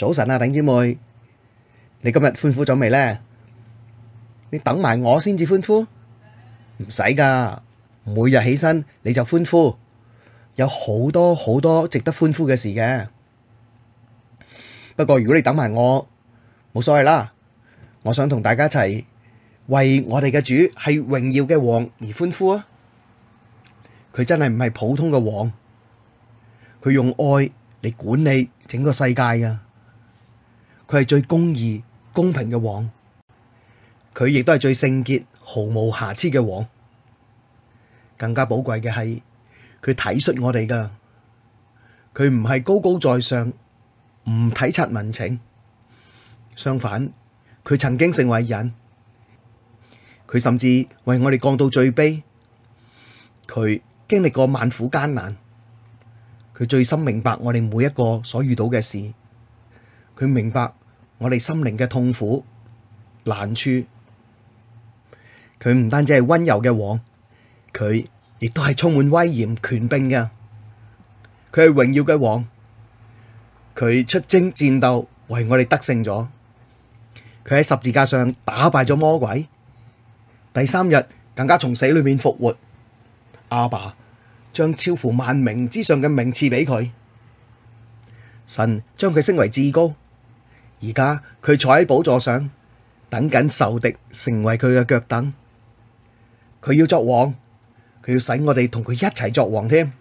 早晨啊，頂姐妹，你今日歡呼咗未呢？你等埋我先至歡呼？唔使噶，每日起身你就歡呼，有好多好多值得歡呼嘅事嘅。不過如果你等埋我，冇所謂啦。我想同大家一齊為我哋嘅主係榮耀嘅王而歡呼啊！佢真係唔係普通嘅王，佢用愛嚟管理整個世界噶。佢係最公義、公平嘅王，佢亦都係最聖潔、毫無瑕疵嘅王。更加寶貴嘅係，佢體恤我哋㗎，佢唔係高高在上，唔體察民情。相反，佢曾經成為人，佢甚至為我哋降到最卑，佢經歷過萬苦艱難，佢最深明白我哋每一個所遇到嘅事，佢明白。我哋心靈嘅痛苦、難處，佢唔單止係溫柔嘅王，佢亦都係充滿威嚴、權柄嘅。佢係榮耀嘅王，佢出征戰鬥，為我哋得勝咗。佢喺十字架上打敗咗魔鬼，第三日更加從死裏面復活。阿爸將超乎萬名之上嘅名賜俾佢，神將佢升為至高。而家佢坐喺寶座上，等緊仇敵成為佢嘅腳凳。佢要作王，佢要使我哋同佢一齊作王添。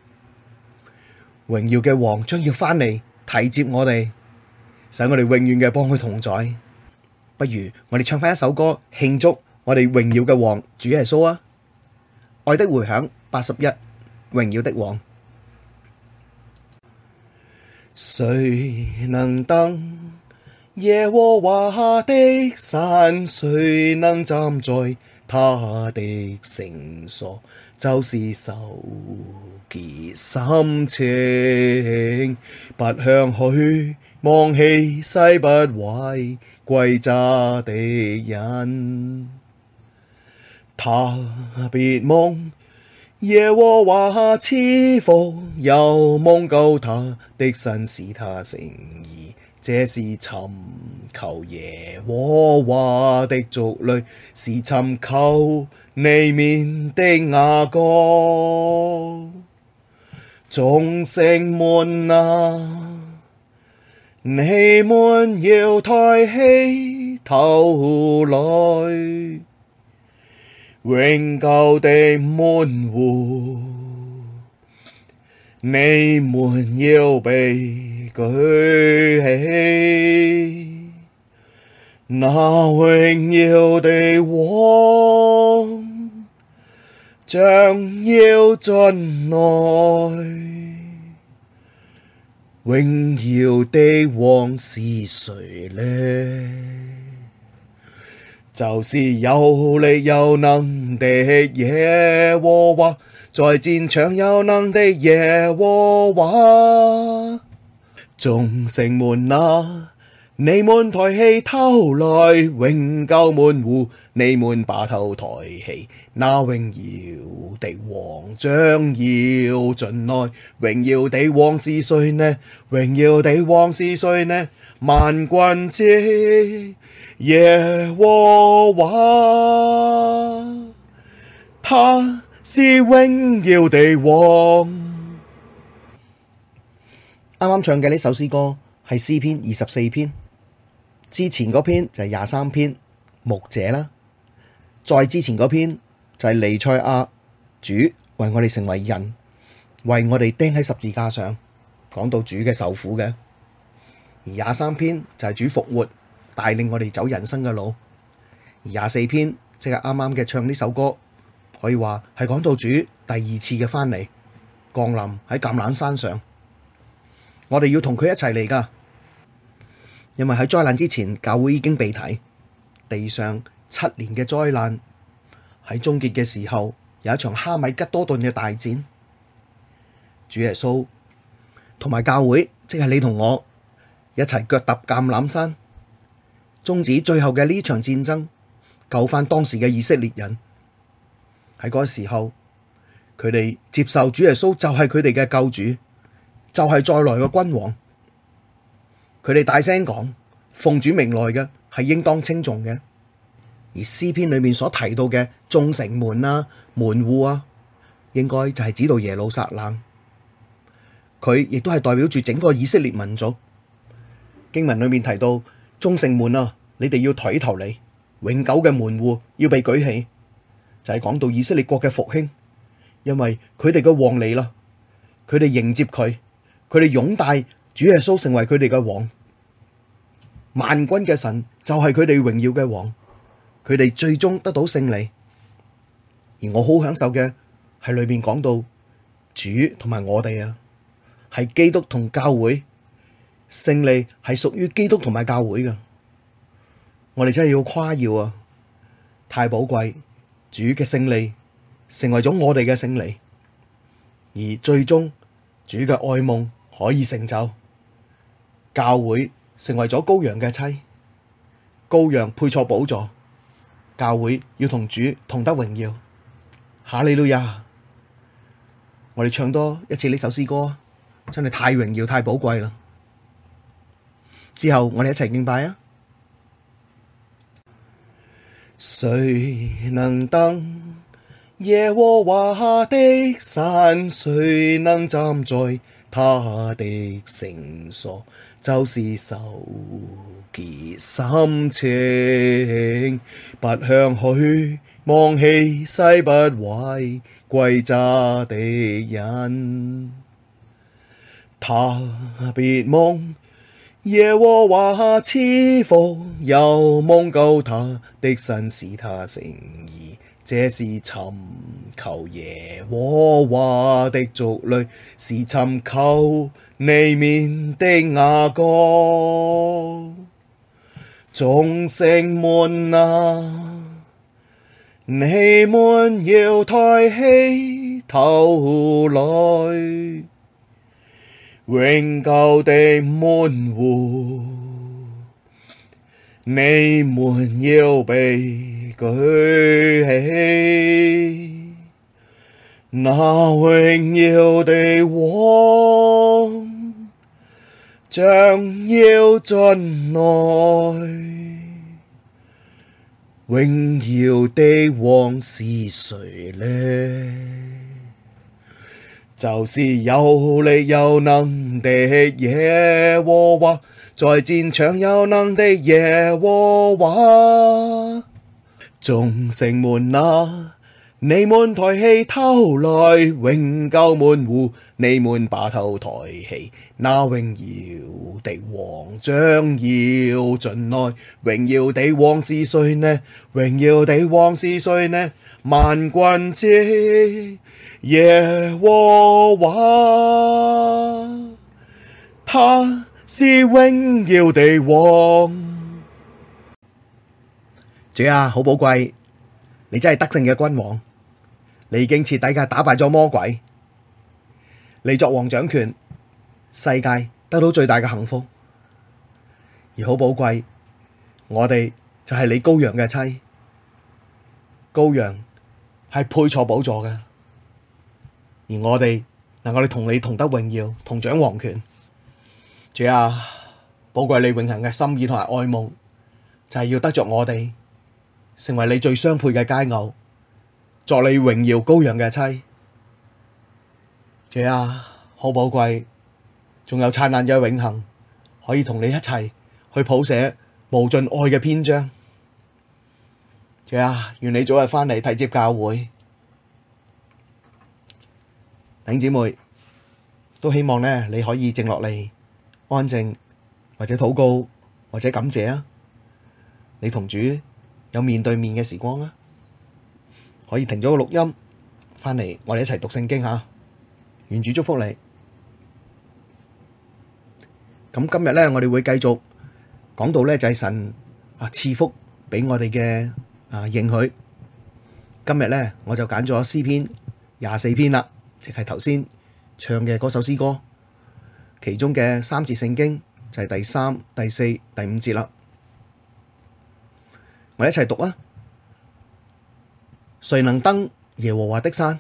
榮耀嘅王將要翻嚟，提接我哋，使我哋永遠嘅幫佢同在。不如我哋唱翻一首歌慶祝我哋榮耀嘅王主耶穌啊！愛的迴響八十一，榮耀的王，誰能登？耶和華的山，誰能站在他的聖所？就是手潔心清，不向虛妄，起誓不懷詭詐的人。他必蒙耶和華賜福，又蒙救他的神，使他成義。這是尋求耶和華的族類，是尋求祢面的雅各。眾城門哪，你們要抬起頭來，永久的門戶，你們要被。舉起。那榮耀的王，將要進來。榮耀的王是誰呢？就是有力有能的耶和華，在戰場有能的耶和華。眾城門啊，你們抬起頭來，永久門戶，你們把頭抬起，那榮耀的王將要進來，榮耀的王是誰呢？榮耀的王是誰呢，呢？萬軍之耶和華，他是榮耀的王。啱啱唱嘅呢首詩歌係詩篇二十四篇，之前嗰篇就係廿三篇牧者啦，再之前嗰篇就係彌賽亞主為我哋成為人，為我哋釘喺十字架上，講到主嘅受苦嘅。而廿三篇就係主復活帶領我哋走人生嘅路，而廿四篇即係啱啱嘅唱呢首歌，可以話係講到主第二次嘅返嚟降臨喺橄欖山上。我哋要同佢一齊嚟㗎，因為喺災難之前，教會已經被提，地上七年嘅災難喺終結嘅時候有一場哈米吉多頓嘅大戰，主耶穌同埋教會，即係你同我一齊腳踏橄欖山，終止最後嘅呢場戰爭，救返當時嘅以色列人。喺嗰時候，佢哋接受主耶穌就係佢哋嘅救主。就係再來個君王，佢哋大聲講，奉主名來嘅係應當稱頌嘅。而詩篇裏面所提到嘅眾城門啊、門戶啊，應該就係指到耶路撒冷，佢亦都係代表住整個以色列民族。經文裏面提到眾城門啊，你哋要抬頭嚟，永久嘅門戶要被舉起，就係、是、講到以色列國嘅復興，因為佢哋嘅王嚟啦，佢哋迎接佢。佢哋擁戴主耶穌成為佢哋嘅王，萬軍嘅神就係佢哋榮耀嘅王，佢哋最終得到勝利。而我好享受嘅係裏面講到主同埋我哋啊，係基督同教會，勝利係屬於基督同埋教會㗎。我哋真係要誇耀啊！太寶貴，主嘅勝利成為咗我哋嘅勝利，而最終主嘅愛夢。可以成就教會成為咗羔羊嘅妻，羔羊配錯寶座，教會要同主同得榮耀。哈利路亞！我哋唱多一次呢首詩歌，真係太榮耀、太寶貴啦！之後我哋一齊敬拜啊！誰能登耶和華的山？誰能站在？他的聖所？就是手潔心清，不向虛妄，起誓不懷詭詐的人。他必蒙耶和華賜福，又蒙救他的神使他成義。這是尋求耶和華的族類，是尋求祢面的雅各。眾城門啊，你們要抬起頭來，永久的門戶。你們要被舉起，那榮耀的王將要進來。榮耀的王是誰呢？就是有力有能的耶和華。在戰場有能的耶和華，眾城門啊，你們抬起頭來，永久門戶，你們把頭抬起，那榮耀的王將要進來，榮耀的王是誰呢？榮耀的王是誰呢？萬軍之耶和華，他是榮耀的王，主啊，好寶貴，你真係得勝嘅君王，你已經徹底嘅打敗咗魔鬼，你作王掌權，世界得到最大嘅幸福，而好寶貴，我哋就係你羔羊嘅妻，羔羊係配坐寶座嘅，而我哋能夠你同你同得榮耀，同掌王權。主啊，寶貴你永恆嘅心意同埋愛慕，就係、是、要得着我哋，成為你最相配嘅佳偶，作你榮耀羔羊嘅妻。主啊，好寶貴，仲有燦爛嘅永恆，可以同你一齊去譜寫無盡愛嘅篇章。主啊，願你早日返嚟提接教會，弟兄姊妹都希望咧，你可以靜落嚟。安靜，或者禱告，或者感謝啊！你同主有面對面嘅時光啊，可以停咗個錄音，翻嚟我哋一齊讀聖經嚇。願主祝福你。咁今日咧，我哋會繼續講到咧，就係神啊賜福俾我哋嘅啊應許。今日咧，我就揀咗詩篇廿四篇啦，即係頭先唱嘅嗰首詩歌。其中嘅三節聖經就係第三、第四、第五節啦，我哋一齊讀啊！誰能登耶和華的山？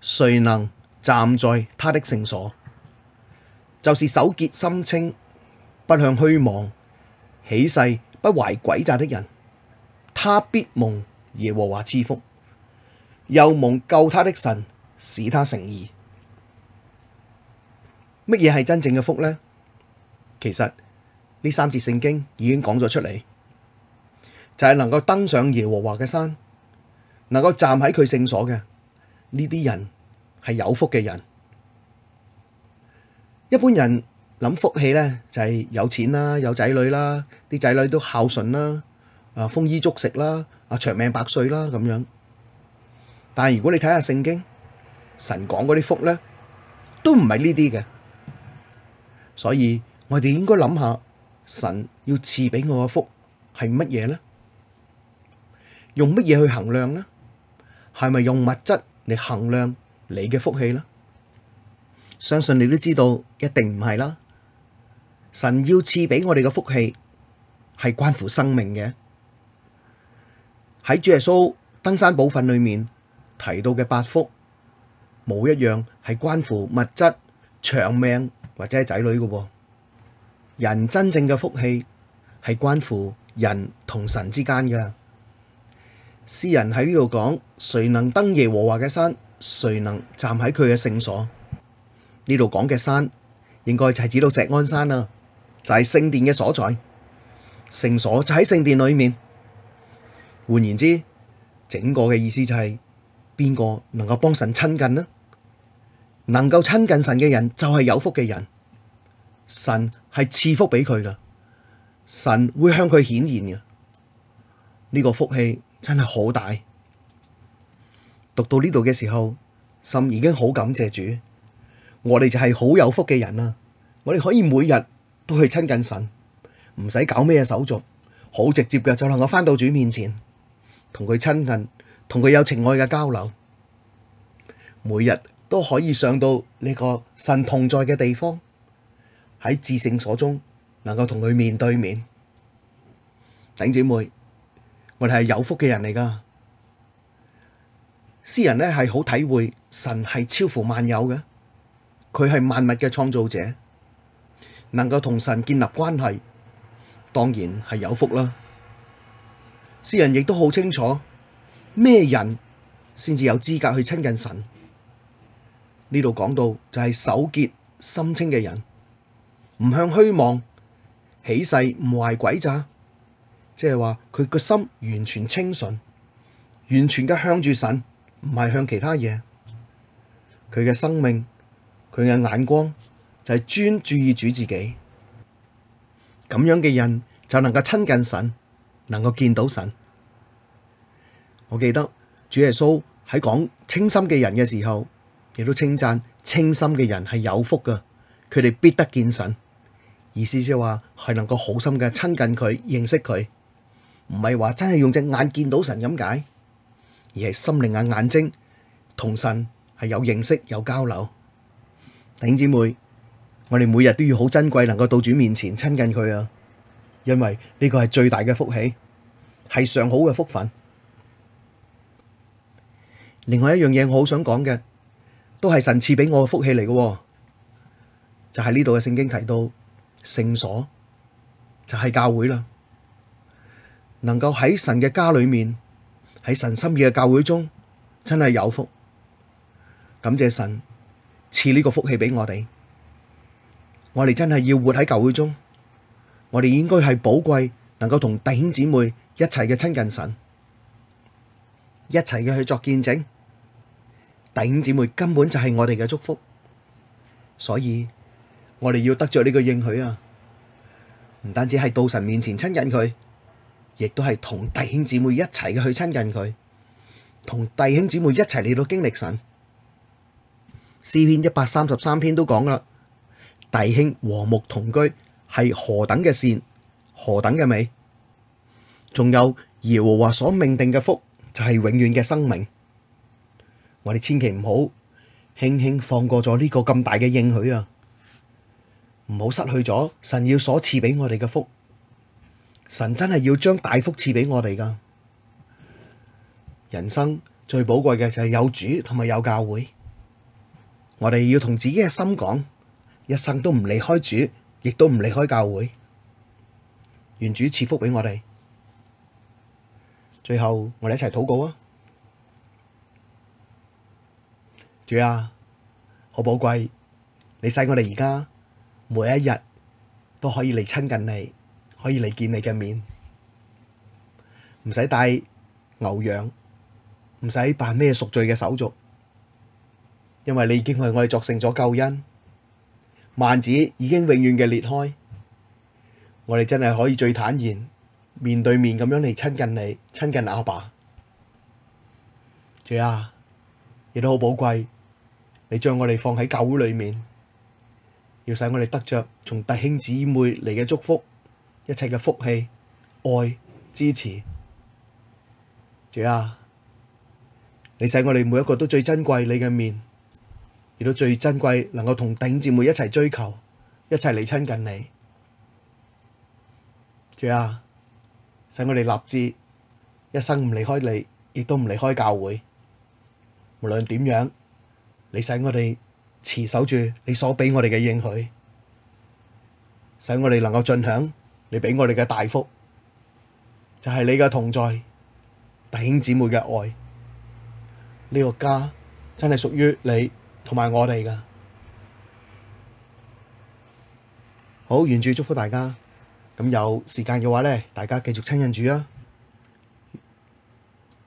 誰能站在他的聖所？就是手潔心清、不向虛妄、起誓不懷詭詐的人，他必蒙耶和華賜福，又蒙救他的神使他成義。乜嘢係真正嘅福咧？其實呢三節聖經已經講咗出嚟，就係能夠登上耶和華嘅山，能夠站喺佢聖所嘅呢啲人係有福嘅人。一般人諗福氣咧，就係有錢啦、有仔女啦、啲仔女都孝順啦、啊豐衣足食啦、啊長命百歲啦咁樣。但係如果你睇下聖經，神講嗰啲福咧，都唔係呢啲嘅。所以我哋應該諗下，神要賜俾我嘅福係乜嘢呢？用乜嘢去衡量呢？係咪用物質嚟衡量你嘅福氣呢？相信你都知道，一定唔係啦。神要賜俾我哋嘅福氣係關乎生命嘅。喺主耶穌登山寶訓裏面提到嘅八福，冇一樣係關乎物質、長命。或者係仔女嘅。哦，人真正嘅福氣係關乎人同神之間嘅。詩人喺呢度講，誰能登耶和華嘅山，誰能站喺佢嘅聖所？呢度講嘅山應該就係指到錫安山啦，就係、是、聖殿嘅所在。聖所就喺聖殿裏面。換言之，整個嘅意思就係邊個能夠幫神親近呢？能夠親近神嘅人就係、是、有福嘅人，神係賜福俾佢啦，神會向佢顯現嘅，呢、這個福氣真係好大。讀到呢度嘅時候，心已經好感謝主，我哋就係好有福嘅人啦，我哋可以每日都去親近神，唔使搞咩手續，好直接嘅，就係我返到主面前，同佢親近，同佢有情愛嘅交流，每日。都可以上到呢個神同在嘅地方，喺至聖所中，能夠同佢面對面。頂姐妹，我哋係有福嘅人嚟噶。詩人呢係好體會神係超乎萬有嘅，佢係萬物嘅創造者，能夠同神建立關係，當然係有福啦。詩人亦都好清楚咩人先至有資格去親近神。呢度講到就係手潔心清嘅人，唔向虛妄起誓，唔懷詭詐，即係話佢個心完全清純，完全嘅向住神，唔係向其他嘢。佢嘅生命，佢嘅眼光就係、是、專注意主自己。咁樣嘅人就能夠親近神，能夠見到神。我記得主耶穌喺講清心嘅人嘅時候。亦都稱讚清心嘅人係有福㗎，佢哋必得見神。意思即係話係能夠好心嘅親近佢，認識佢，唔係話真係用隻眼見到神咁解，而係心靈眼眼睛同神係有認識有交流。弟兄姊妹，我哋每日都要好珍貴能夠到主面前親近佢啊，因為呢個係最大嘅福氣，係上好嘅福分。另外一樣嘢我好想講嘅，都係神賜俾我嘅福氣嚟嘅，就係呢度嘅聖經提到聖所就係教會啦，能夠喺神嘅家裏面，喺神心意嘅教會中，真係有福，感謝神賜呢個福氣俾我哋，我哋真係要活喺教會中，我哋應該係寶貴，能夠同弟兄姊妹一齊嘅親近神，一齊嘅去作見證。弟兄姊妹根本就係我哋嘅祝福，所以我哋要得着呢個應許啊！唔單止係到神面前親近佢，亦都係同弟兄姊妹一齊去親近佢，同弟兄姊妹一齊嚟到經歷神。詩篇一百三十三篇都講啦，弟兄和睦同居係何等嘅善，何等嘅美！仲有耶和華所命定嘅福就係永遠嘅生命。我哋千祈唔好輕輕放過咗呢個咁大嘅應許啊！唔好失去咗神要所賜畀我哋嘅福，神真係要將大福賜畀我哋噶。人生最寶貴嘅就係有主同埋有教會。我哋要同自己嘅心講，一生都唔離開主，亦都唔離開教會。願主賜福畀我哋。最後，我哋一齊禱告啊！主啊，好寶貴！你使我哋而家每一日都可以嚟親近你，可以嚟見你嘅面，唔使帶牛羊，唔使辦咩贖罪嘅手續，因為你已經為我哋作成咗救恩，幔子已經永遠嘅裂開，我哋真係可以最坦然面對面咁樣嚟親近你，親近阿爸。主啊，亦都好寶貴。你將我哋放喺教會裏面，要使我哋得着從弟兄姊妹嚟嘅祝福，一切嘅福氣、愛、支持。主啊，你使我哋每一個都最珍貴你嘅面，亦都最珍貴能夠同弟兄姊妹一齊追求，一齊嚟親近你。主啊，使我哋立志一生唔離開你，亦都唔離開教會，無論點樣。你使我哋持守住你所俾我哋嘅應許，使我哋能夠盡享你俾我哋嘅大福，就係你嘅同在，弟兄姊妹嘅愛，呢個家真係屬於你同埋我哋噶。好，願主祝福大家，咁有時間嘅話咧，大家繼續親近主啊！